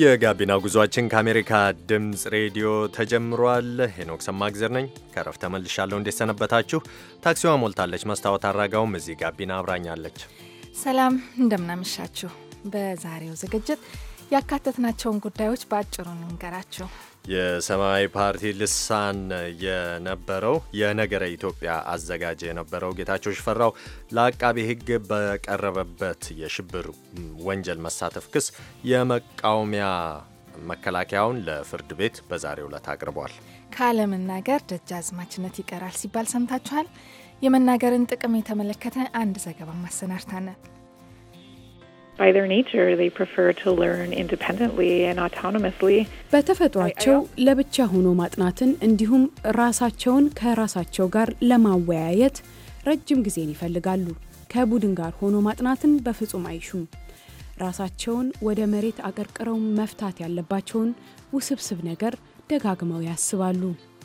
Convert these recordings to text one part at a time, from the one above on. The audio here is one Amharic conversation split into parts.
የጋቢና ጉዟችን ከአሜሪካ ድምፅ ሬዲዮ ተጀምሯል። ሄኖክ ሰማግዘር ነኝ። ከረፍት ተመልሻለሁ። እንዴት ሰነበታችሁ? ታክሲዋ ሞልታለች። መስታወት አራጋውም እዚህ ጋቢና አብራኛለች። ሰላም እንደምናመሻችሁ። በዛሬው ዝግጅት ያካተትናቸውን ጉዳዮች በአጭሩ እንንገራችሁ። የሰማያዊ ፓርቲ ልሳን የነበረው የነገረ ኢትዮጵያ አዘጋጅ የነበረው ጌታቸው ሽፈራው ለአቃቤ ሕግ በቀረበበት የሽብር ወንጀል መሳተፍ ክስ የመቃወሚያ መከላከያውን ለፍርድ ቤት በዛሬ ዕለት አቅርቧል። ካለመናገር ደጃዝማችነት ይቀራል ሲባል ሰምታችኋል። የመናገርን ጥቅም የተመለከተ አንድ ዘገባ ማሰናድታለን። by their nature they prefer to learn independently and autonomously በተፈጥሯቸው ለብቻ ሆኖ ማጥናትን እንዲሁም ራሳቸውን ከራሳቸው ጋር ለማወያየት ረጅም ጊዜን ይፈልጋሉ። ከቡድን ጋር ሆኖ ማጥናትን በፍጹም አይሹም። ራሳቸውን ወደ መሬት አቀርቅረው መፍታት ያለባቸውን ውስብስብ ነገር ደጋግመው ያስባሉ።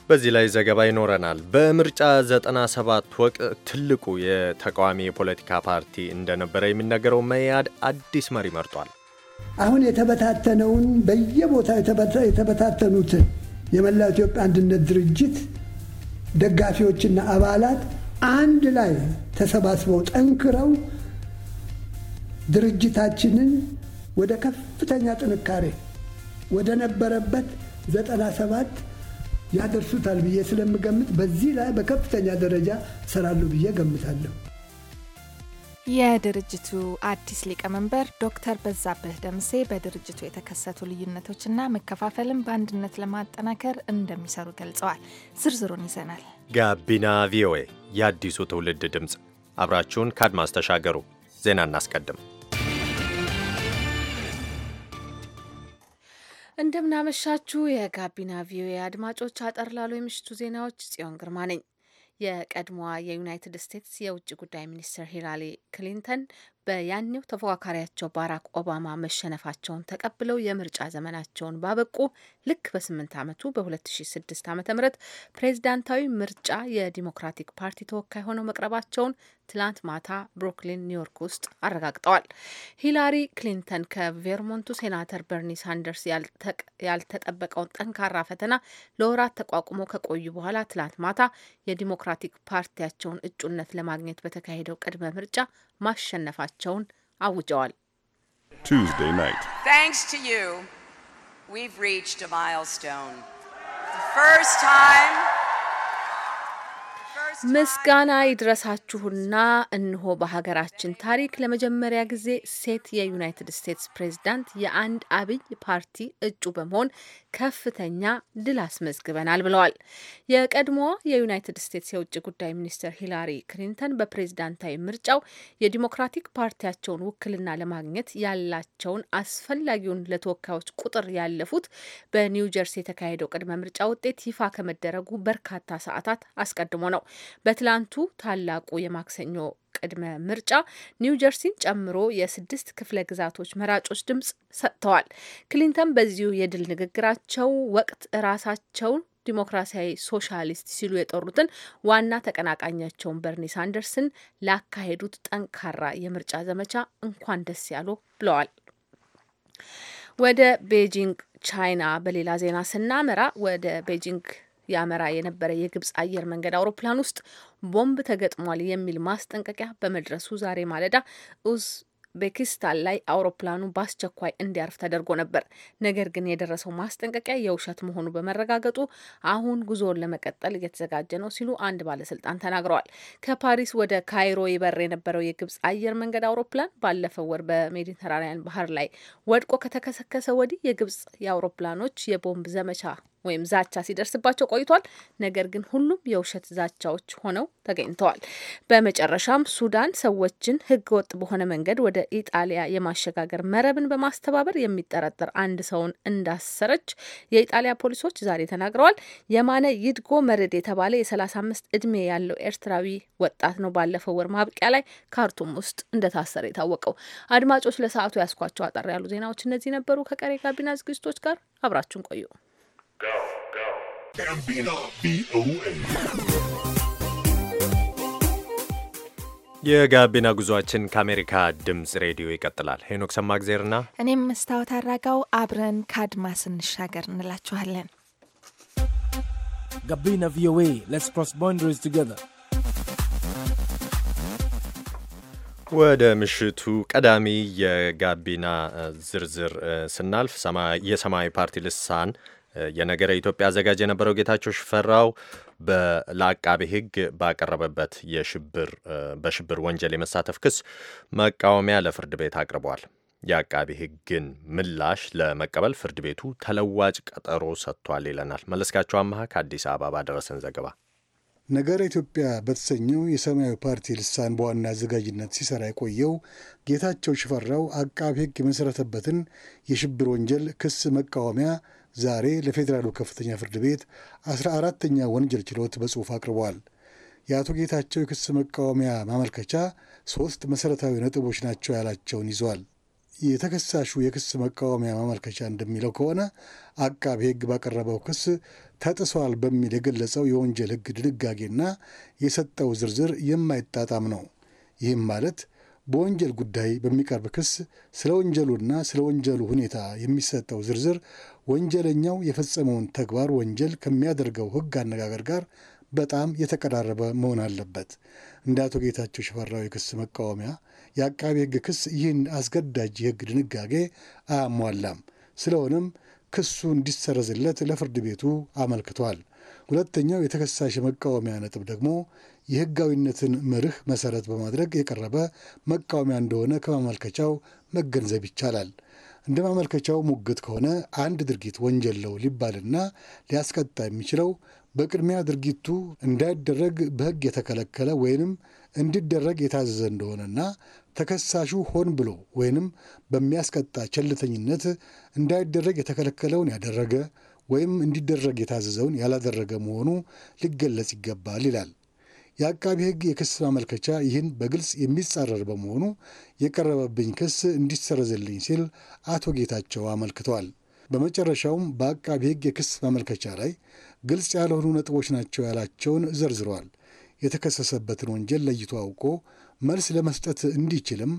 በዚህ ላይ ዘገባ ይኖረናል። በምርጫ 97 ወቅት ትልቁ የተቃዋሚ የፖለቲካ ፓርቲ እንደነበረ የሚነገረው መያድ አዲስ መሪ መርጧል። አሁን የተበታተነውን በየቦታው የተበታተኑትን የመላው ኢትዮጵያ አንድነት ድርጅት ደጋፊዎችና አባላት አንድ ላይ ተሰባስበው ጠንክረው ድርጅታችንን ወደ ከፍተኛ ጥንካሬ ወደ ነበረበት 97 ያደርሱታል ብዬ ስለምገምት በዚህ ላይ በከፍተኛ ደረጃ ሰራሉ ብዬ ገምታለሁ። የድርጅቱ አዲስ ሊቀመንበር ዶክተር በዛብህ ደምሴ በድርጅቱ የተከሰቱ ልዩነቶችና መከፋፈልን በአንድነት ለማጠናከር እንደሚሰሩ ገልጸዋል። ዝርዝሩን ይዘናል። ጋቢና ቪኦኤ የአዲሱ ትውልድ ድምፅ፣ አብራችሁን ከአድማስ ተሻገሩ። ዜና እናስቀድም። እንደምናመሻችሁ የጋቢና ቪኦኤ አድማጮች፣ አጠር ላሉ የምሽቱ ዜናዎች ጽዮን ግርማ ነኝ። የቀድሞዋ የዩናይትድ ስቴትስ የውጭ ጉዳይ ሚኒስትር ሂላሪ ክሊንተን በያኔው ተፎካካሪያቸው ባራክ ኦባማ መሸነፋቸውን ተቀብለው የምርጫ ዘመናቸውን ባበቁ ልክ በስምንት ዓመቱ በ2006 ዓ ም ፕሬዚዳንታዊ ምርጫ የዲሞክራቲክ ፓርቲ ተወካይ ሆነው መቅረባቸውን ትላንት ማታ ብሩክሊን ኒውዮርክ ውስጥ አረጋግጠዋል። ሂላሪ ክሊንተን ከቬርሞንቱ ሴናተር በርኒ ሳንደርስ ያልተጠበቀውን ጠንካራ ፈተና ለወራት ተቋቁሞ ከቆዩ በኋላ ትላንት ማታ የዲሞክራቲክ ፓርቲያቸውን እጩነት ለማግኘት በተካሄደው ቅድመ ምርጫ ማሸነፋቸው መሆናቸውን አውጀዋል። Tuesday night. Thanks to you, we've reached a milestone. The first time ምስጋና ይድረሳችሁና እንሆ በሀገራችን ታሪክ ለመጀመሪያ ጊዜ ሴት የዩናይትድ ስቴትስ ፕሬዝዳንት የአንድ አብይ ፓርቲ እጩ በመሆን ከፍተኛ ድል አስመዝግበናል ብለዋል። የቀድሞዋ የዩናይትድ ስቴትስ የውጭ ጉዳይ ሚኒስትር ሂላሪ ክሊንተን በፕሬዝዳንታዊ ምርጫው የዲሞክራቲክ ፓርቲያቸውን ውክልና ለማግኘት ያላቸውን አስፈላጊውን ለተወካዮች ቁጥር ያለፉት በኒው ጀርሲ የተካሄደው ቅድመ ምርጫ ውጤት ይፋ ከመደረጉ በርካታ ሰዓታት አስቀድሞ ነው። በትላንቱ ታላቁ የማክሰኞ ቅድመ ምርጫ ኒው ጀርሲን ጨምሮ የስድስት ክፍለ ግዛቶች መራጮች ድምጽ ሰጥተዋል። ክሊንተን በዚሁ የድል ንግግራቸው ወቅት ራሳቸውን ዲሞክራሲያዊ ሶሻሊስት ሲሉ የጠሩትን ዋና ተቀናቃኛቸውን በርኒ ሳንደርስን ላካሄዱት ጠንካራ የምርጫ ዘመቻ እንኳን ደስ ያሉ ብለዋል። ወደ ቤጂንግ ቻይና በሌላ ዜና ስናመራ ወደ ቤጂንግ ያመራ የነበረ የግብጽ አየር መንገድ አውሮፕላን ውስጥ ቦምብ ተገጥሟል የሚል ማስጠንቀቂያ በመድረሱ ዛሬ ማለዳ ኡዝቤኪስታን ላይ አውሮፕላኑ በአስቸኳይ እንዲያርፍ ተደርጎ ነበር። ነገር ግን የደረሰው ማስጠንቀቂያ የውሸት መሆኑ በመረጋገጡ አሁን ጉዞውን ለመቀጠል እየተዘጋጀ ነው ሲሉ አንድ ባለስልጣን ተናግረዋል። ከፓሪስ ወደ ካይሮ ይበር የነበረው የግብጽ አየር መንገድ አውሮፕላን ባለፈው ወር በሜዲተራንያን ባህር ላይ ወድቆ ከተከሰከሰ ወዲህ የግብጽ የአውሮፕላኖች የቦምብ ዘመቻ ወይም ዛቻ ሲደርስባቸው ቆይቷል። ነገር ግን ሁሉም የውሸት ዛቻዎች ሆነው ተገኝተዋል። በመጨረሻም ሱዳን ሰዎችን ህገወጥ በሆነ መንገድ ወደ ኢጣሊያ የማሸጋገር መረብን በማስተባበር የሚጠረጠር አንድ ሰውን እንዳሰረች የኢጣሊያ ፖሊሶች ዛሬ ተናግረዋል። የማነ ይድጎ መርድ የተባለ የ35 እድሜ ያለው ኤርትራዊ ወጣት ነው ባለፈው ወር ማብቂያ ላይ ካርቱም ውስጥ እንደታሰረ የታወቀው። አድማጮች ለሰዓቱ ያስኳቸው አጠር ያሉ ዜናዎች እነዚህ ነበሩ። ከቀሬ ጋቢና ዝግጅቶች ጋር አብራችሁን ቆዩ። የጋቢና ጉዟችን ከአሜሪካ ድምፅ ሬዲዮ ይቀጥላል። ሄኖክ ሰማግዜርና እኔም መስታወት አራጋው አብረን ከአድማስ እንሻገር እንላችኋለን። ጋቢና ቪኦኤ ሌትስ ክሮስ ቦንደሪስ ቱጌዘር ወደ ምሽቱ ቀዳሚ የጋቢና ዝርዝር ስናልፍ የሰማያዊ ፓርቲ ልሳን የነገረ ኢትዮጵያ አዘጋጅ የነበረው ጌታቸው ሽፈራው ለአቃቤ ሕግ ባቀረበበት የሽብር በሽብር ወንጀል የመሳተፍ ክስ መቃወሚያ ለፍርድ ቤት አቅርቧል። የአቃቤ ሕግን ምላሽ ለመቀበል ፍርድ ቤቱ ተለዋጭ ቀጠሮ ሰጥቷል ይለናል መለስካቸው አመሀ ከአዲስ አበባ ባደረሰን ዘገባ። ነገረ ኢትዮጵያ በተሰኘው የሰማያዊ ፓርቲ ልሳን በዋና አዘጋጅነት ሲሰራ የቆየው ጌታቸው ሽፈራው አቃቤ ሕግ የመሠረተበትን የሽብር ወንጀል ክስ መቃወሚያ ዛሬ ለፌዴራሉ ከፍተኛ ፍርድ ቤት አስራ አራተኛ ወንጀል ችሎት በጽሑፍ አቅርበዋል። የአቶ ጌታቸው የክስ መቃወሚያ ማመልከቻ ሶስት መሠረታዊ ነጥቦች ናቸው ያላቸውን ይዟል። የተከሳሹ የክስ መቃወሚያ ማመልከቻ እንደሚለው ከሆነ አቃቢ ሕግ ባቀረበው ክስ ተጥሷል በሚል የገለጸው የወንጀል ሕግ ድንጋጌና የሰጠው ዝርዝር የማይጣጣም ነው። ይህም ማለት በወንጀል ጉዳይ በሚቀርብ ክስ ስለ ወንጀሉና ስለ ወንጀሉ ሁኔታ የሚሰጠው ዝርዝር ወንጀለኛው የፈጸመውን ተግባር ወንጀል ከሚያደርገው ሕግ አነጋገር ጋር በጣም የተቀራረበ መሆን አለበት። እንደ አቶ ጌታቸው ሽፈራው የክስ መቃወሚያ የአቃቤ ሕግ ክስ ይህን አስገዳጅ የሕግ ድንጋጌ አያሟላም። ስለሆነም ክሱ እንዲሰረዝለት ለፍርድ ቤቱ አመልክቷል። ሁለተኛው የተከሳሽ መቃወሚያ ነጥብ ደግሞ የህጋዊነትን መርህ መሰረት በማድረግ የቀረበ መቃወሚያ እንደሆነ ከማመልከቻው መገንዘብ ይቻላል። እንደ ማመልከቻው ሙግት ከሆነ አንድ ድርጊት ወንጀል ነው ሊባልና ሊያስቀጣ የሚችለው በቅድሚያ ድርጊቱ እንዳይደረግ በህግ የተከለከለ ወይንም እንዲደረግ የታዘዘ እንደሆነና ተከሳሹ ሆን ብሎ ወይንም በሚያስቀጣ ቸልተኝነት እንዳይደረግ የተከለከለውን ያደረገ ወይም እንዲደረግ የታዘዘውን ያላደረገ መሆኑ ሊገለጽ ይገባል ይላል። የአቃቢ ሕግ የክስ ማመልከቻ ይህን በግልጽ የሚጻረር በመሆኑ የቀረበብኝ ክስ እንዲሰረዝልኝ ሲል አቶ ጌታቸው አመልክተዋል። በመጨረሻውም በአቃቢ ሕግ የክስ ማመልከቻ ላይ ግልጽ ያልሆኑ ነጥቦች ናቸው ያላቸውን ዘርዝረዋል። የተከሰሰበትን ወንጀል ለይቶ አውቆ መልስ ለመስጠት እንዲችልም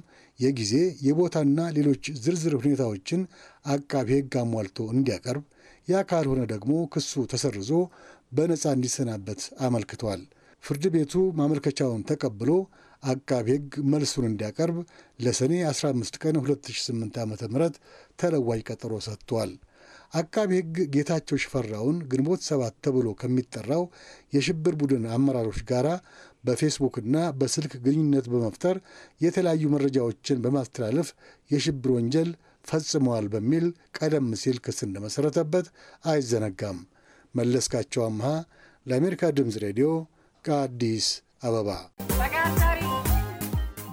የጊዜ የቦታና ሌሎች ዝርዝር ሁኔታዎችን አቃቢ ሕግ አሟልቶ እንዲያቀርብ ያ ካልሆነ ደግሞ ክሱ ተሰርዞ በነፃ እንዲሰናበት አመልክቷል። ፍርድ ቤቱ ማመልከቻውን ተቀብሎ አቃቤ ሕግ መልሱን እንዲያቀርብ ለሰኔ 15 ቀን 2008 ዓ ም ተለዋጅ ቀጠሮ ሰጥቷል። አቃቤ ሕግ ጌታቸው ሽፈራውን ግንቦት ሰባት ተብሎ ከሚጠራው የሽብር ቡድን አመራሮች ጋር በፌስቡክና በስልክ ግንኙነት በመፍጠር የተለያዩ መረጃዎችን በማስተላለፍ የሽብር ወንጀል ፈጽመዋል በሚል ቀደም ሲል ክስ እንደመሠረተበት አይዘነጋም። መለስካቸው አምሃ ለአሜሪካ ድምፅ ሬዲዮ ከአዲስ አበባ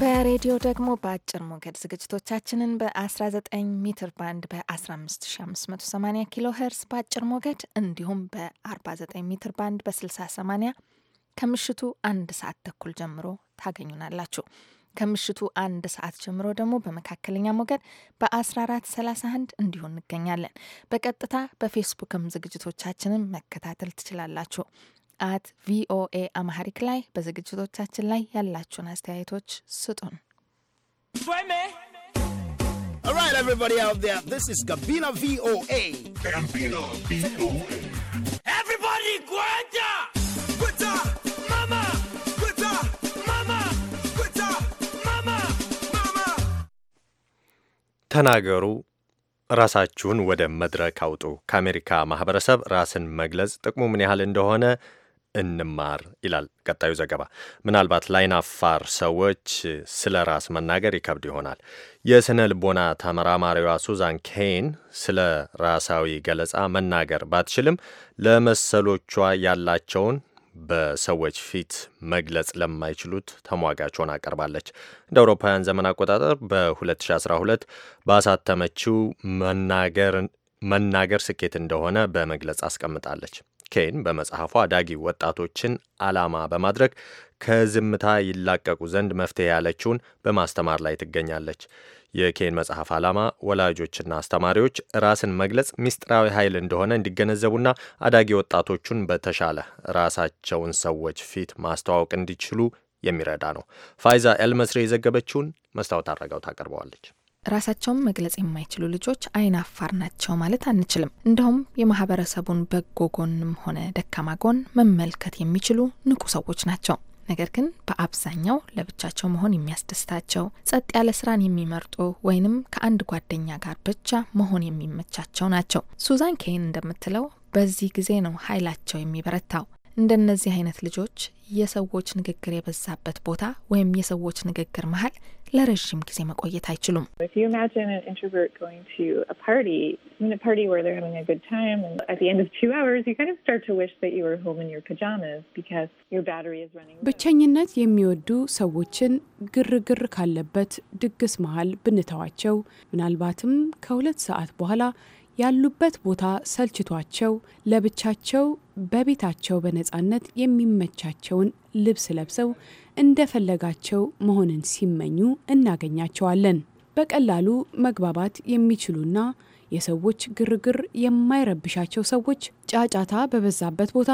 በሬዲዮ ደግሞ በአጭር ሞገድ ዝግጅቶቻችንን በ19 ሜትር ባንድ በ15580 ኪሎ ሄርስ በአጭር ሞገድ እንዲሁም በ49 ሜትር ባንድ በ6080 ከምሽቱ አንድ ሰዓት ተኩል ጀምሮ ታገኙናላችሁ። ከምሽቱ አንድ ሰዓት ጀምሮ ደግሞ በመካከለኛ ሞገድ በ1431 እንዲሁ እንገኛለን። በቀጥታ በፌስቡክም ዝግጅቶቻችንን መከታተል ትችላላችሁ። አት ቪኦኤ አማሐሪክ ላይ በዝግጅቶቻችን ላይ ያላችሁን አስተያየቶች ስጡን። ተናገሩ ራሳችሁን ወደ መድረክ አውጡ። ከአሜሪካ ማህበረሰብ ራስን መግለጽ ጥቅሙ ምን ያህል እንደሆነ እንማር ይላል ቀጣዩ ዘገባ። ምናልባት ላይን አፋር ሰዎች ስለ ራስ መናገር ይከብድ ይሆናል። የስነ ልቦና ተመራማሪዋ ሱዛን ኬን ስለ ራሳዊ ገለጻ መናገር ባትችልም ለመሰሎቿ ያላቸውን በሰዎች ፊት መግለጽ ለማይችሉት ተሟጋቾን አቀርባለች። እንደ አውሮፓውያን ዘመን አቆጣጠር በ2012 ባሳተመችው መናገር መናገር ስኬት እንደሆነ በመግለጽ አስቀምጣለች። ኬን በመጽሐፏ አዳጊ ወጣቶችን ዓላማ በማድረግ ከዝምታ ይላቀቁ ዘንድ መፍትሄ ያለችውን በማስተማር ላይ ትገኛለች። የኬን መጽሐፍ ዓላማ ወላጆችና አስተማሪዎች ራስን መግለጽ ምስጢራዊ ኃይል እንደሆነ እንዲገነዘቡና አዳጊ ወጣቶቹን በተሻለ ራሳቸውን ሰዎች ፊት ማስተዋወቅ እንዲችሉ የሚረዳ ነው። ፋይዛ ኤልመስሬ የዘገበችውን መስታወት አረጋው ታቀርበዋለች። ራሳቸውን መግለጽ የማይችሉ ልጆች አይን አፋር ናቸው ማለት አንችልም። እንደውም የማህበረሰቡን በጎ ጎንም ሆነ ደካማ ጎን መመልከት የሚችሉ ንቁ ሰዎች ናቸው። ነገር ግን በአብዛኛው ለብቻቸው መሆን የሚያስደስታቸው፣ ጸጥ ያለ ስራን የሚመርጡ ወይንም ከአንድ ጓደኛ ጋር ብቻ መሆን የሚመቻቸው ናቸው። ሱዛን ኬን እንደምትለው በዚህ ጊዜ ነው ኃይላቸው የሚበረታው። እንደነዚህ አይነት ልጆች የሰዎች ንግግር የበዛበት ቦታ ወይም የሰዎች ንግግር መሀል ለረዥም ጊዜ መቆየት አይችሉም። ብቸኝነት የሚወዱ ሰዎችን ግርግር ካለበት ድግስ መሀል ብንተዋቸው ምናልባትም ከሁለት ሰዓት በኋላ ያሉበት ቦታ ሰልችቷቸው ለብቻቸው በቤታቸው በነፃነት የሚመቻቸውን ልብስ ለብሰው እንደፈለጋቸው መሆንን ሲመኙ እናገኛቸዋለን። በቀላሉ መግባባት የሚችሉና የሰዎች ግርግር የማይረብሻቸው ሰዎች ጫጫታ በበዛበት ቦታ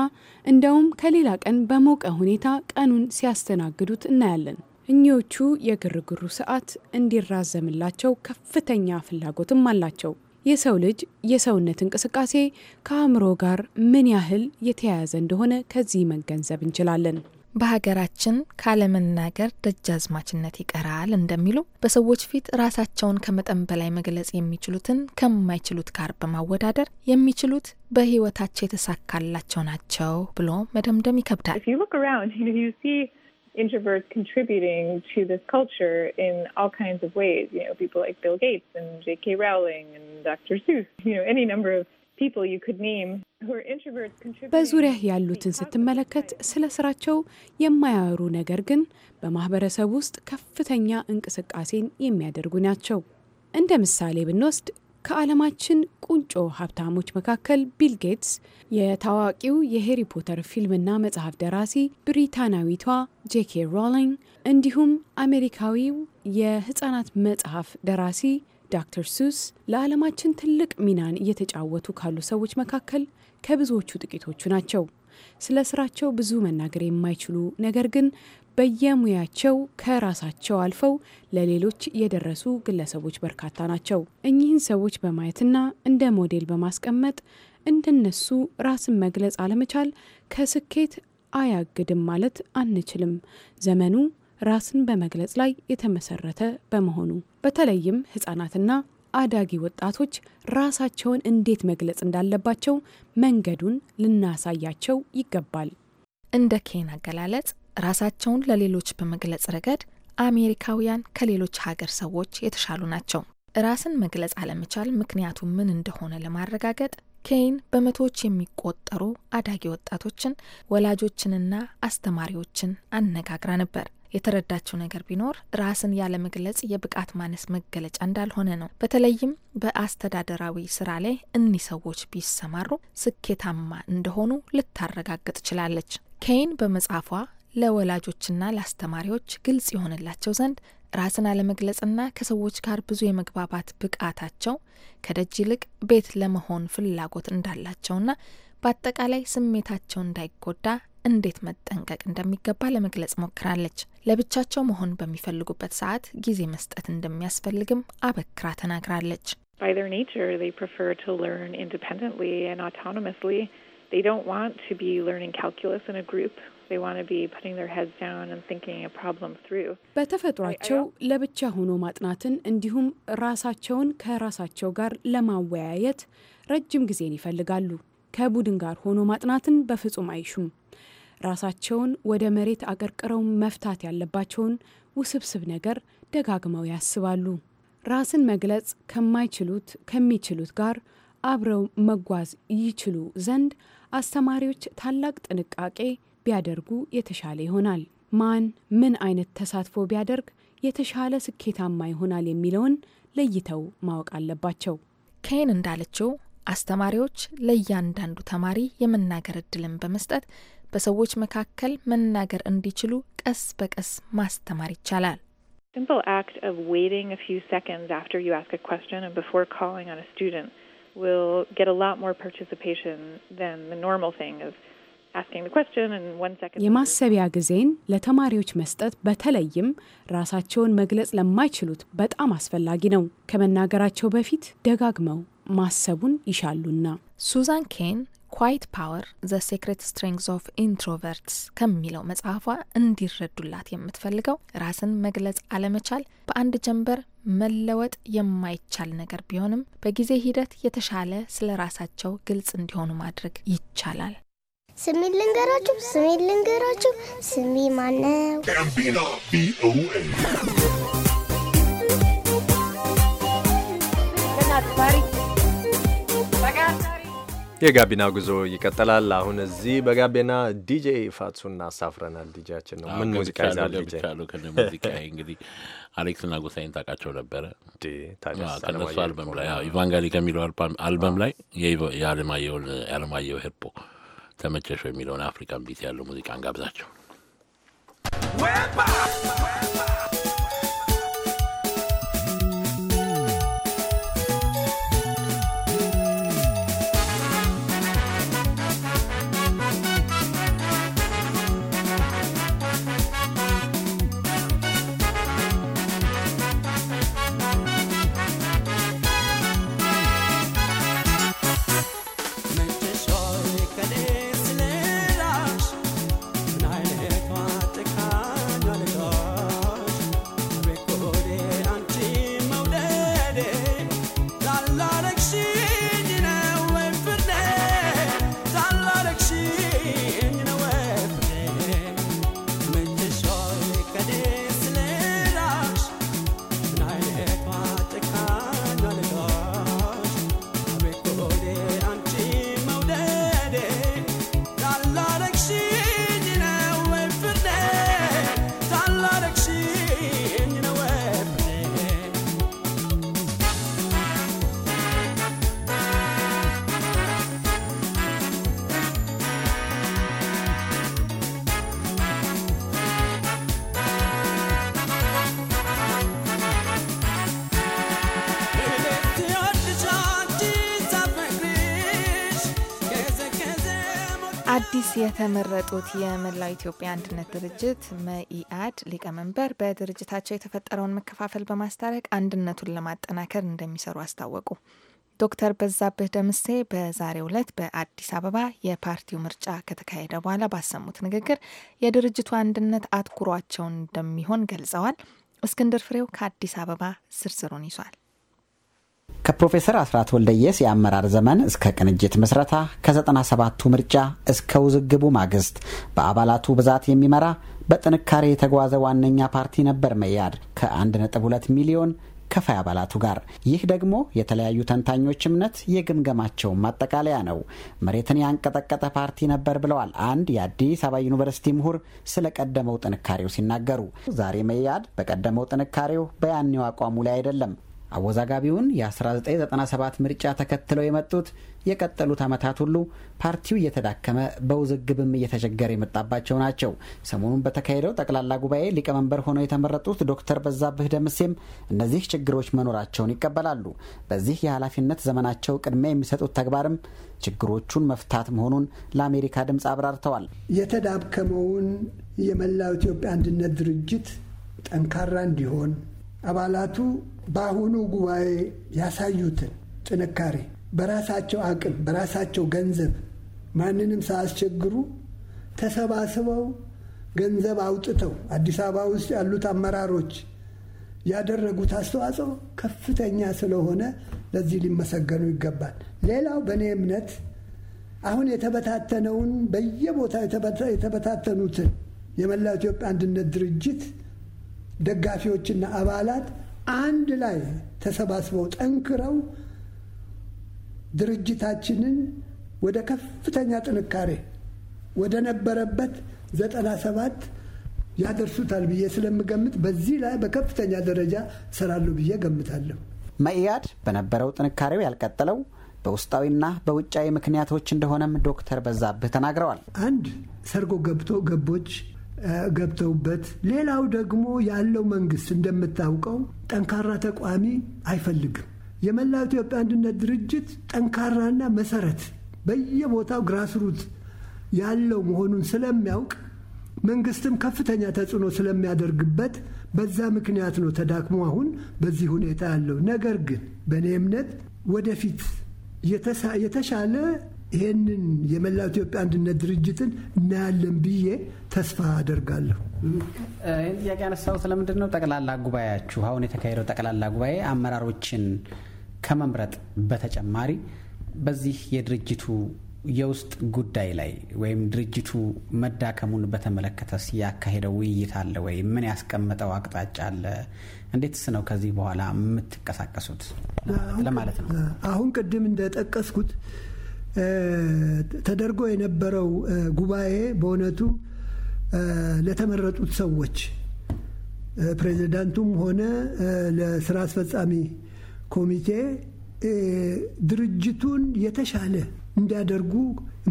እንደውም ከሌላ ቀን በሞቀ ሁኔታ ቀኑን ሲያስተናግዱት እናያለን። እኚዎቹ የግርግሩ ሰዓት እንዲራዘምላቸው ከፍተኛ ፍላጎትም አላቸው። የሰው ልጅ የሰውነት እንቅስቃሴ ከአእምሮ ጋር ምን ያህል የተያያዘ እንደሆነ ከዚህ መገንዘብ እንችላለን። በሀገራችን ካለመናገር ደጃዝማችነት ይቀራል እንደሚሉ በሰዎች ፊት ራሳቸውን ከመጠን በላይ መግለጽ የሚችሉትን ከማይችሉት ጋር በማወዳደር የሚችሉት በሕይወታቸው የተሳካላቸው ናቸው ብሎ መደምደም ይከብዳል። introverts contributing to this culture in all kinds of ways. You know, people like Bill Gates and J.K. Rowling and Dr. Seuss, you know, any number of በዙሪያ ያሉትን ስትመለከት ስለ ስራቸው የማያወሩ ነገር ግን በማህበረሰብ ውስጥ ከፍተኛ እንቅስቃሴን የሚያደርጉ ናቸው። እንደ ምሳሌ ብንወስድ ከዓለማችን ቁንጮ ሀብታሞች መካከል ቢል ጌትስ፣ የታዋቂው የሄሪ ፖተር ፊልምና መጽሐፍ ደራሲ ብሪታናዊቷ ጄኬ ሮሊንግ እንዲሁም አሜሪካዊው የህፃናት መጽሐፍ ደራሲ ዶክተር ሱስ ለዓለማችን ትልቅ ሚናን እየተጫወቱ ካሉ ሰዎች መካከል ከብዙዎቹ ጥቂቶቹ ናቸው። ስለ ስራቸው ብዙ መናገር የማይችሉ ነገር ግን በየሙያቸው ከራሳቸው አልፈው ለሌሎች የደረሱ ግለሰቦች በርካታ ናቸው። እኚህን ሰዎች በማየትና እንደ ሞዴል በማስቀመጥ እንደነሱ ራስን መግለጽ አለመቻል ከስኬት አያግድም ማለት አንችልም። ዘመኑ ራስን በመግለጽ ላይ የተመሰረተ በመሆኑ በተለይም ህጻናትና አዳጊ ወጣቶች ራሳቸውን እንዴት መግለጽ እንዳለባቸው መንገዱን ልናሳያቸው ይገባል። እንደ ኬን አገላለጽ ራሳቸውን ለሌሎች በመግለጽ ረገድ አሜሪካውያን ከሌሎች ሀገር ሰዎች የተሻሉ ናቸው። ራስን መግለጽ አለመቻል ምክንያቱ ምን እንደሆነ ለማረጋገጥ ኬይን በመቶዎች የሚቆጠሩ አዳጊ ወጣቶችን ወላጆችንና አስተማሪዎችን አነጋግራ ነበር። የተረዳችው ነገር ቢኖር ራስን ያለመግለጽ የብቃት ማነስ መገለጫ እንዳልሆነ ነው። በተለይም በአስተዳደራዊ ስራ ላይ እኒህ ሰዎች ቢሰማሩ ስኬታማ እንደሆኑ ልታረጋግጥ ችላለች። ኬይን በመጽሐፏ ለወላጆችና ለአስተማሪዎች ግልጽ የሆንላቸው ዘንድ ራስን አለመግለጽና ከሰዎች ጋር ብዙ የመግባባት ብቃታቸው ከደጅ ይልቅ ቤት ለመሆን ፍላጎት እንዳላቸውና በአጠቃላይ ስሜታቸው እንዳይጎዳ እንዴት መጠንቀቅ እንደሚገባ ለመግለጽ ሞክራለች። ለብቻቸው መሆን በሚፈልጉበት ሰዓት ጊዜ መስጠት እንደሚያስፈልግም አበክራ ተናግራለች። By their nature, they prefer to learn independently and autonomously. They don't want to be learning calculus in a group በተፈጥሯቸው ለብቻ ሆኖ ማጥናትን እንዲሁም ራሳቸውን ከራሳቸው ጋር ለማወያየት ረጅም ጊዜን ይፈልጋሉ። ከቡድን ጋር ሆኖ ማጥናትን በፍጹም አይሹም። ራሳቸውን ወደ መሬት አቀርቅረው መፍታት ያለባቸውን ውስብስብ ነገር ደጋግመው ያስባሉ። ራስን መግለጽ ከማይችሉት ከሚችሉት ጋር አብረው መጓዝ ይችሉ ዘንድ አስተማሪዎች ታላቅ ጥንቃቄ ቢያደርጉ የተሻለ ይሆናል። ማን ምን አይነት ተሳትፎ ቢያደርግ የተሻለ ስኬታማ ይሆናል የሚለውን ለይተው ማወቅ አለባቸው። ኬን እንዳለችው አስተማሪዎች ለእያንዳንዱ ተማሪ የመናገር እድልን በመስጠት በሰዎች መካከል መናገር እንዲችሉ ቀስ በቀስ ማስተማር ይቻላል። የማሰቢያ ጊዜን ለተማሪዎች መስጠት በተለይም ራሳቸውን መግለጽ ለማይችሉት በጣም አስፈላጊ ነው። ከመናገራቸው በፊት ደጋግመው ማሰቡን ይሻሉና። ሱዛን ኬን ኳይት ፓወር ዘ ሴክሬት ስትሬንግስ ኦፍ ኢንትሮቨርትስ ከሚለው መጽሐፏ እንዲረዱላት የምትፈልገው ራስን መግለጽ አለመቻል በአንድ ጀንበር መለወጥ የማይቻል ነገር ቢሆንም በጊዜ ሂደት የተሻለ ስለ ራሳቸው ግልጽ እንዲሆኑ ማድረግ ይቻላል ስሜን ልንገራችሁ ስሜን ልንገራችሁ ስሜ ማነው? ጋቢና ቪኦኤ የጋቢና ጉዞ ይቀጥላል። አሁን እዚህ በጋቢና ዲጄ ፋትሱን እናሳፍረናል። ዲጄያችን ነው። ምን ሙዚቃ ይዛል? ከነ ሙዚቃ እንግዲህ አሌክስ እና ጎሳይን ታውቃቸው ነበረ። ከነሱ አልበም ላይ ኢቫንጋሊ ከሚለው አልበም ላይ የአለማየሁ ሄርፖ ተመቸሽ የሚለውን አፍሪካን ቢት ያለው ሙዚቃን እንጋብዛቸው። አዲስ የተመረጡት የመላው ኢትዮጵያ አንድነት ድርጅት መኢአድ ሊቀመንበር በድርጅታቸው የተፈጠረውን መከፋፈል በማስታረቅ አንድነቱን ለማጠናከር እንደሚሰሩ አስታወቁ። ዶክተር በዛብህ ደምሴ በዛሬው ዕለት በአዲስ አበባ የፓርቲው ምርጫ ከተካሄደ በኋላ ባሰሙት ንግግር የድርጅቱ አንድነት አትኩሯቸውን እንደሚሆን ገልጸዋል። እስክንድር ፍሬው ከአዲስ አበባ ዝርዝሩን ይዟል። ከፕሮፌሰር አስራት ወልደየስ የአመራር ዘመን እስከ ቅንጅት ምስረታ ከ 97 ምርጫ እስከ ውዝግቡ ማግስት በአባላቱ ብዛት የሚመራ በጥንካሬ የተጓዘ ዋነኛ ፓርቲ ነበር መያድ ከ1.2 ሚሊዮን ከፋይ አባላቱ ጋር። ይህ ደግሞ የተለያዩ ተንታኞች እምነት የግምገማቸው ማጠቃለያ ነው። መሬትን ያንቀጠቀጠ ፓርቲ ነበር ብለዋል አንድ የአዲስ አበባ ዩኒቨርሲቲ ምሁር ስለ ቀደመው ጥንካሬው ሲናገሩ፣ ዛሬ መያድ በቀደመው ጥንካሬው በያኔው አቋሙ ላይ አይደለም አወዛጋቢውን የ1997 ምርጫ ተከትለው የመጡት የቀጠሉት ዓመታት ሁሉ ፓርቲው እየተዳከመ በውዝግብም እየተቸገረ የመጣባቸው ናቸው። ሰሞኑን በተካሄደው ጠቅላላ ጉባኤ ሊቀመንበር ሆነው የተመረጡት ዶክተር በዛብህ ደምሴም እነዚህ ችግሮች መኖራቸውን ይቀበላሉ። በዚህ የኃላፊነት ዘመናቸው ቅድሚያ የሚሰጡት ተግባርም ችግሮቹን መፍታት መሆኑን ለአሜሪካ ድምፅ አብራርተዋል። የተዳከመውን የመላው ኢትዮጵያ አንድነት ድርጅት ጠንካራ እንዲሆን አባላቱ በአሁኑ ጉባኤ ያሳዩትን ጥንካሬ በራሳቸው አቅም በራሳቸው ገንዘብ ማንንም ሳያስቸግሩ ተሰባስበው ገንዘብ አውጥተው አዲስ አበባ ውስጥ ያሉት አመራሮች ያደረጉት አስተዋጽኦ ከፍተኛ ስለሆነ ለዚህ ሊመሰገኑ ይገባል። ሌላው በእኔ እምነት አሁን የተበታተነውን በየቦታው የተበታተኑትን የመላው ኢትዮጵያ አንድነት ድርጅት ደጋፊዎችና አባላት አንድ ላይ ተሰባስበው ጠንክረው ድርጅታችንን ወደ ከፍተኛ ጥንካሬ ወደ ነበረበት ዘጠና ሰባት ያደርሱታል ብዬ ስለምገምት በዚህ ላይ በከፍተኛ ደረጃ እሰራለሁ ብዬ ገምታለሁ። መኢአድ በነበረው ጥንካሬው ያልቀጠለው በውስጣዊና በውጫዊ ምክንያቶች እንደሆነም ዶክተር በዛብህ ተናግረዋል። አንድ ሰርጎ ገብቶ ገቦች ገብተውበት ሌላው ደግሞ ያለው መንግስት እንደምታውቀው ጠንካራ ተቋሚ አይፈልግም። የመላው ኢትዮጵያ አንድነት ድርጅት ጠንካራና መሰረት በየቦታው ግራስሩት ያለው መሆኑን ስለሚያውቅ መንግስትም ከፍተኛ ተጽዕኖ ስለሚያደርግበት በዛ ምክንያት ነው ተዳክሞ አሁን በዚህ ሁኔታ ያለው። ነገር ግን በእኔ እምነት ወደፊት የተሻለ ይህንን የመላው ኢትዮጵያ አንድነት ድርጅትን እናያለን ብዬ ተስፋ አደርጋለሁ። ይህን ጥያቄ ያነሳሁት ለምንድን ነው? ጠቅላላ ጉባኤያችሁ አሁን የተካሄደው ጠቅላላ ጉባኤ አመራሮችን ከመምረጥ በተጨማሪ በዚህ የድርጅቱ የውስጥ ጉዳይ ላይ ወይም ድርጅቱ መዳከሙን በተመለከተስ ያካሄደው ውይይት አለ ወይ? ምን ያስቀመጠው አቅጣጫ አለ? እንዴትስ ነው ከዚህ በኋላ የምትንቀሳቀሱት ለማለት ነው። አሁን ቅድም እንደጠቀስኩት ተደርጎ የነበረው ጉባኤ በእውነቱ ለተመረጡት ሰዎች ፕሬዚዳንቱም ሆነ ለስራ አስፈጻሚ ኮሚቴ ድርጅቱን የተሻለ እንዲያደርጉ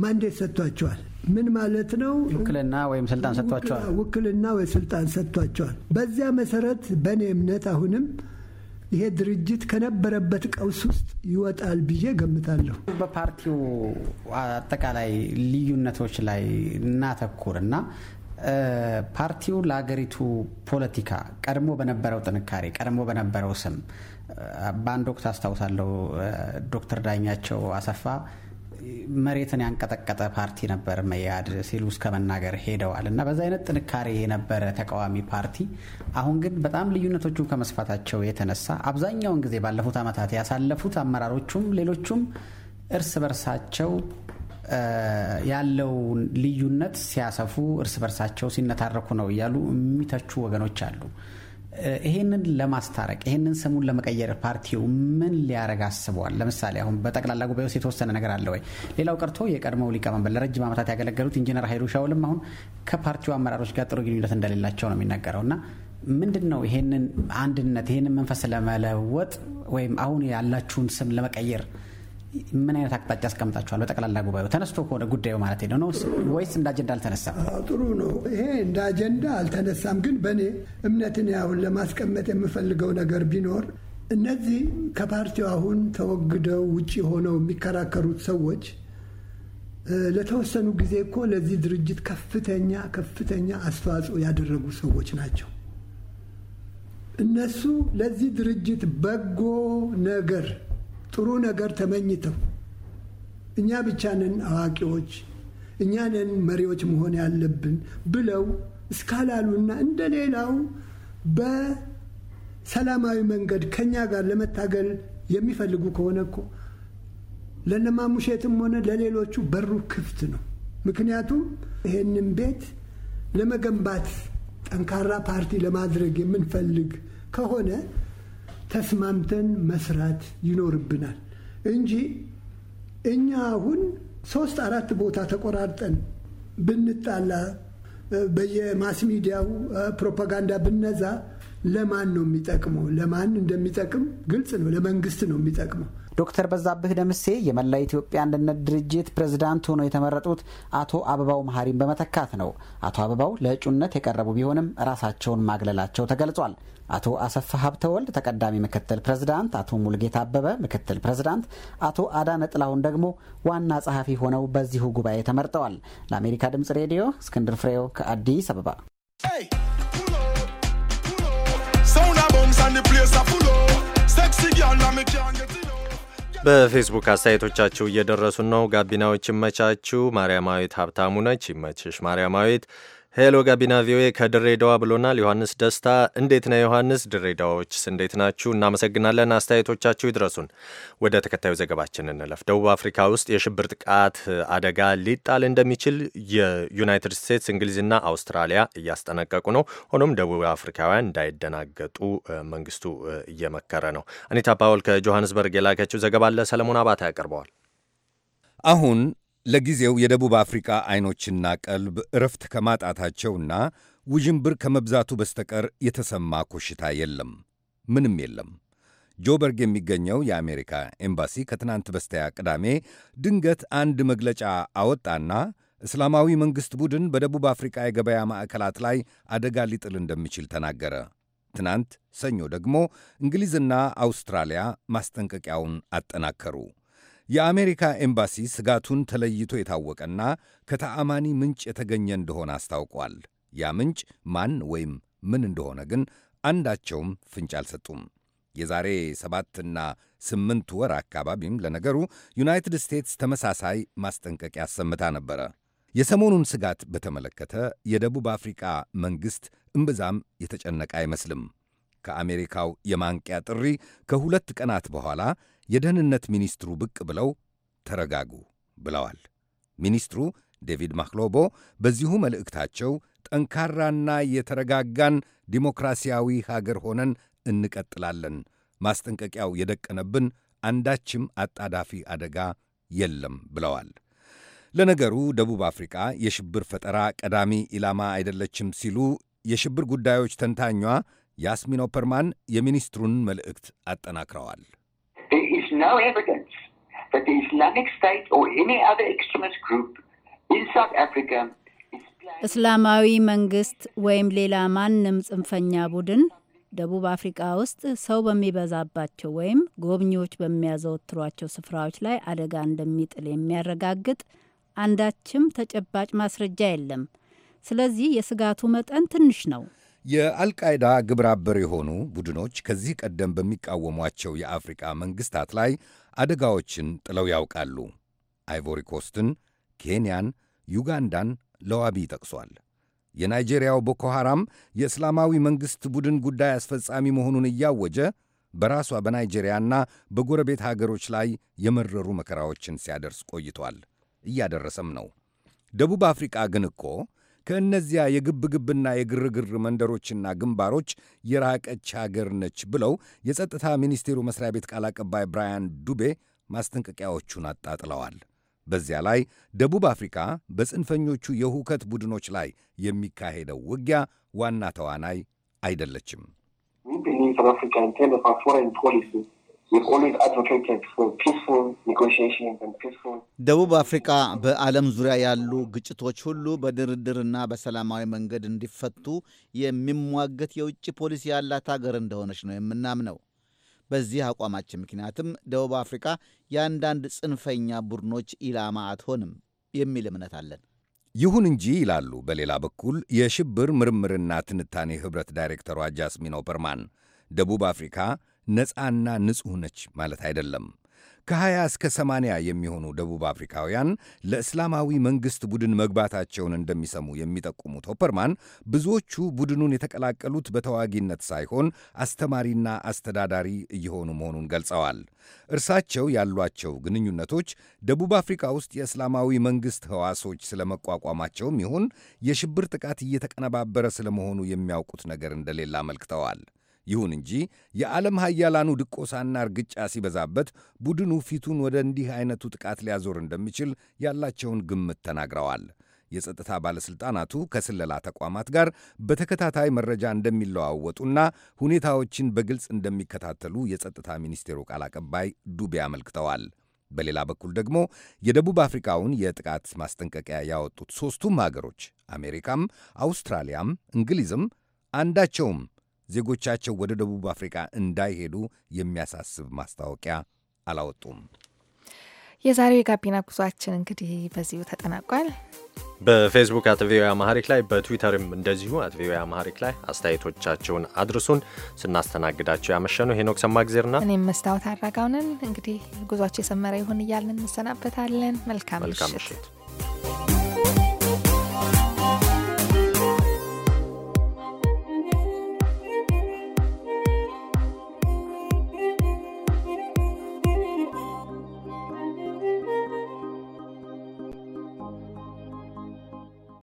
ማንዴት ሰጥቷቸዋል። ምን ማለት ነው? ውክልና ወይም ስልጣን ሰጥቷቸዋል። ውክልና ወይ ስልጣን ሰጥቷቸዋል። በዚያ መሰረት በእኔ እምነት አሁንም ይሄ ድርጅት ከነበረበት ቀውስ ውስጥ ይወጣል ብዬ ገምታለሁ። በፓርቲው አጠቃላይ ልዩነቶች ላይ እናተኩር እና ፓርቲው ለሀገሪቱ ፖለቲካ ቀድሞ በነበረው ጥንካሬ ቀድሞ በነበረው ስም በአንድ ወቅት አስታውሳለሁ ዶክተር ዳኛቸው አሰፋ መሬትን ያንቀጠቀጠ ፓርቲ ነበር መያድ ሲሉ እስከ መናገር ሄደዋል እና በዛ አይነት ጥንካሬ የነበረ ተቃዋሚ ፓርቲ አሁን ግን በጣም ልዩነቶቹ ከመስፋታቸው የተነሳ አብዛኛውን ጊዜ ባለፉት ዓመታት ያሳለፉት አመራሮቹም ሌሎቹም እርስ በርሳቸው ያለውን ልዩነት ሲያሰፉ እርስ በርሳቸው ሲነታረኩ ነው እያሉ የሚተቹ ወገኖች አሉ። ይሄንን ለማስታረቅ ይሄንን ስሙን ለመቀየር ፓርቲው ምን ሊያደርግ አስበዋል? ለምሳሌ አሁን በጠቅላላ ጉባኤ ውስጥ የተወሰነ ነገር አለ ወይ? ሌላው ቀርቶ የቀድሞው ሊቀመንበር ለረጅም ዓመታት ያገለገሉት ኢንጂነር ሀይሉ ሻውልም አሁን ከፓርቲው አመራሮች ጋር ጥሩ ግንኙነት እንደሌላቸው ነው የሚነገረው እና ምንድን ነው ይሄንን አንድነት ይሄንን መንፈስ ለመለወጥ ወይም አሁን ያላችሁን ስም ለመቀየር ምን አይነት አቅጣጫ አስቀምጣችኋል? በጠቅላላ ጉባኤው ተነስቶ ከሆነ ጉዳዩ ማለት ነው ነው ወይስ እንደ አጀንዳ አልተነሳም? ጥሩ ነው። ይሄ እንደ አጀንዳ አልተነሳም፣ ግን በእኔ እምነትን አሁን ለማስቀመጥ የምፈልገው ነገር ቢኖር እነዚህ ከፓርቲው አሁን ተወግደው ውጭ ሆነው የሚከራከሩት ሰዎች ለተወሰኑ ጊዜ እኮ ለዚህ ድርጅት ከፍተኛ ከፍተኛ አስተዋጽኦ ያደረጉ ሰዎች ናቸው። እነሱ ለዚህ ድርጅት በጎ ነገር ጥሩ ነገር ተመኝተው እኛ ብቻ ነን አዋቂዎች፣ እኛ ነን መሪዎች መሆን ያለብን ብለው እስካላሉና እንደ ሌላው በሰላማዊ መንገድ ከእኛ ጋር ለመታገል የሚፈልጉ ከሆነ እኮ ለነማሙሼትም ሆነ ለሌሎቹ በሩ ክፍት ነው። ምክንያቱም ይህንን ቤት ለመገንባት ጠንካራ ፓርቲ ለማድረግ የምንፈልግ ከሆነ ተስማምተን መስራት ይኖርብናል እንጂ እኛ አሁን ሶስት አራት ቦታ ተቆራርጠን ብንጣላ በየማስ ሚዲያው ፕሮፓጋንዳ ብነዛ ለማን ነው የሚጠቅመው? ለማን እንደሚጠቅም ግልጽ ነው። ለመንግስት ነው የሚጠቅመው። ዶክተር በዛብህ ደምሴ የመላ ኢትዮጵያ አንድነት ድርጅት ፕሬዝዳንት ሆነው የተመረጡት አቶ አበባው መሀሪን በመተካት ነው። አቶ አበባው ለእጩነት የቀረቡ ቢሆንም ራሳቸውን ማግለላቸው ተገልጿል። አቶ አሰፋ ሀብተወልድ ተቀዳሚ ምክትል ፕሬዝዳንት፣ አቶ ሙልጌታ አበበ ምክትል ፕሬዝዳንት፣ አቶ አዳነ ጥላሁን ደግሞ ዋና ጸሐፊ ሆነው በዚሁ ጉባኤ ተመርጠዋል። ለአሜሪካ ድምጽ ሬዲዮ እስክንድር ፍሬው ከአዲስ አበባ። በፌስቡክ አስተያየቶቻችሁ እየደረሱን ነው። ጋቢናዎች ይመቻችሁ። ማርያማዊት ሀብታሙ ነች። ይመችሽ ማርያማዊት። ሄሎ ጋቢና ቪኦኤ ከድሬዳዋ ብሎናል ዮሐንስ ደስታ። እንዴት ነ ዮሐንስ? ድሬዳዎች እንዴት ናችሁ? እናመሰግናለን። አስተያየቶቻችሁ ይድረሱን። ወደ ተከታዩ ዘገባችን እንለፍ። ደቡብ አፍሪካ ውስጥ የሽብር ጥቃት አደጋ ሊጣል እንደሚችል የዩናይትድ ስቴትስ እንግሊዝና አውስትራሊያ እያስጠነቀቁ ነው። ሆኖም ደቡብ አፍሪካውያን እንዳይደናገጡ መንግስቱ እየመከረ ነው። አኒታ ፓውል ከጆሃንስበርግ የላከችው ዘገባ ሰለሞን አባታ ያቀርበዋል። አሁን ለጊዜው የደቡብ አፍሪካ አይኖችና ቀልብ እረፍት ከማጣታቸውና ውዥንብር ከመብዛቱ በስተቀር የተሰማ ኮሽታ የለም። ምንም የለም። ጆበርግ የሚገኘው የአሜሪካ ኤምባሲ ከትናንት በስተያ ቅዳሜ ድንገት አንድ መግለጫ አወጣና እስላማዊ መንግሥት ቡድን በደቡብ አፍሪካ የገበያ ማዕከላት ላይ አደጋ ሊጥል እንደሚችል ተናገረ። ትናንት ሰኞ ደግሞ እንግሊዝና አውስትራሊያ ማስጠንቀቂያውን አጠናከሩ። የአሜሪካ ኤምባሲ ስጋቱን ተለይቶ የታወቀና ከተአማኒ ምንጭ የተገኘ እንደሆነ አስታውቋል። ያ ምንጭ ማን ወይም ምን እንደሆነ ግን አንዳቸውም ፍንጭ አልሰጡም። የዛሬ ሰባትና ስምንት ወር አካባቢም ለነገሩ ዩናይትድ ስቴትስ ተመሳሳይ ማስጠንቀቂያ አሰምታ ነበረ። የሰሞኑን ስጋት በተመለከተ የደቡብ አፍሪቃ መንግሥት እምብዛም የተጨነቀ አይመስልም። ከአሜሪካው የማንቂያ ጥሪ ከሁለት ቀናት በኋላ የደህንነት ሚኒስትሩ ብቅ ብለው ተረጋጉ ብለዋል። ሚኒስትሩ ዴቪድ ማክሎቦ በዚሁ መልእክታቸው ጠንካራና የተረጋጋን ዲሞክራሲያዊ ሀገር ሆነን እንቀጥላለን፣ ማስጠንቀቂያው የደቀነብን አንዳችም አጣዳፊ አደጋ የለም ብለዋል። ለነገሩ ደቡብ አፍሪቃ የሽብር ፈጠራ ቀዳሚ ኢላማ አይደለችም ሲሉ የሽብር ጉዳዮች ተንታኟ ያስሚን ኦፐርማን የሚኒስትሩን መልእክት አጠናክረዋል። no evidence that the Islamic State or any other extremist group in South Africa እስላማዊ መንግስት ወይም ሌላ ማንም ጽንፈኛ ቡድን ደቡብ አፍሪቃ ውስጥ ሰው በሚበዛባቸው ወይም ጎብኚዎች በሚያዘወትሯቸው ስፍራዎች ላይ አደጋ እንደሚጥል የሚያረጋግጥ አንዳችም ተጨባጭ ማስረጃ የለም። ስለዚህ የስጋቱ መጠን ትንሽ ነው። የአልቃይዳ ግብረ አበር የሆኑ ቡድኖች ከዚህ ቀደም በሚቃወሟቸው የአፍሪቃ መንግሥታት ላይ አደጋዎችን ጥለው ያውቃሉ። አይቮሪኮስትን፣ ኬንያን፣ ዩጋንዳን ለዋቢ ጠቅሷል። የናይጄሪያው ቦኮ ሐራም የእስላማዊ መንግሥት ቡድን ጉዳይ አስፈጻሚ መሆኑን እያወጀ በራሷ በናይጄሪያና በጎረቤት ሀገሮች ላይ የመረሩ መከራዎችን ሲያደርስ ቆይቷል፣ እያደረሰም ነው። ደቡብ አፍሪቃ ግን እኮ ከእነዚያ የግብግብና የግርግር መንደሮችና ግንባሮች የራቀች ሀገር ነች ብለው የጸጥታ ሚኒስቴሩ መስሪያ ቤት ቃል አቀባይ ብራያን ዱቤ ማስጠንቀቂያዎቹን አጣጥለዋል። በዚያ ላይ ደቡብ አፍሪካ በጽንፈኞቹ የሁከት ቡድኖች ላይ የሚካሄደው ውጊያ ዋና ተዋናይ አይደለችም። ደቡብ አፍሪካ በዓለም ዙሪያ ያሉ ግጭቶች ሁሉ በድርድርና በሰላማዊ መንገድ እንዲፈቱ የሚሟገት የውጭ ፖሊሲ ያላት አገር እንደሆነች ነው የምናምነው። በዚህ አቋማችን ምክንያትም ደቡብ አፍሪካ የአንዳንድ ጽንፈኛ ቡድኖች ኢላማ አትሆንም የሚል እምነት አለን። ይሁን እንጂ ይላሉ በሌላ በኩል የሽብር ምርምርና ትንታኔ ኅብረት ዳይሬክተሯ ጃስሚን ኦፐርማን ደቡብ አፍሪካ ነፃና ንጹሕ ነች ማለት አይደለም። ከ20 እስከ 80 የሚሆኑ ደቡብ አፍሪካውያን ለእስላማዊ መንግሥት ቡድን መግባታቸውን እንደሚሰሙ የሚጠቁሙት ሆፐርማን ብዙዎቹ ቡድኑን የተቀላቀሉት በተዋጊነት ሳይሆን አስተማሪና አስተዳዳሪ እየሆኑ መሆኑን ገልጸዋል። እርሳቸው ያሏቸው ግንኙነቶች ደቡብ አፍሪካ ውስጥ የእስላማዊ መንግሥት ሕዋሶች ስለመቋቋማቸውም ይሁን የሽብር ጥቃት እየተቀነባበረ ስለመሆኑ የሚያውቁት ነገር እንደሌለ አመልክተዋል። ይሁን እንጂ የዓለም ሀያላኑ ድቆሳና እርግጫ ሲበዛበት ቡድኑ ፊቱን ወደ እንዲህ አይነቱ ጥቃት ሊያዞር እንደሚችል ያላቸውን ግምት ተናግረዋል። የጸጥታ ባለሥልጣናቱ ከስለላ ተቋማት ጋር በተከታታይ መረጃ እንደሚለዋወጡና ሁኔታዎችን በግልጽ እንደሚከታተሉ የጸጥታ ሚኒስቴሩ ቃል አቀባይ ዱቤ አመልክተዋል። በሌላ በኩል ደግሞ የደቡብ አፍሪካውን የጥቃት ማስጠንቀቂያ ያወጡት ሦስቱም አገሮች አሜሪካም፣ አውስትራሊያም እንግሊዝም አንዳቸውም ዜጎቻቸው ወደ ደቡብ አፍሪካ እንዳይሄዱ የሚያሳስብ ማስታወቂያ አላወጡም። የዛሬው የጋቢና ጉዟችን እንግዲህ በዚሁ ተጠናቋል። በፌስቡክ አት ቪኦኤ አማሐሪክ ላይ በትዊተርም እንደዚሁ አት ቪኦኤ ላይ አስተያየቶቻቸውን አድርሱን። ስናስተናግዳቸው ያመሸኑ ሄኖክ ሰማግዜርና እኔም መስታወት አድራጋውንን እንግዲህ ጉዟቸው የሰመረ ይሁን እያልን እንሰናበታለን። መልካም ምሽት።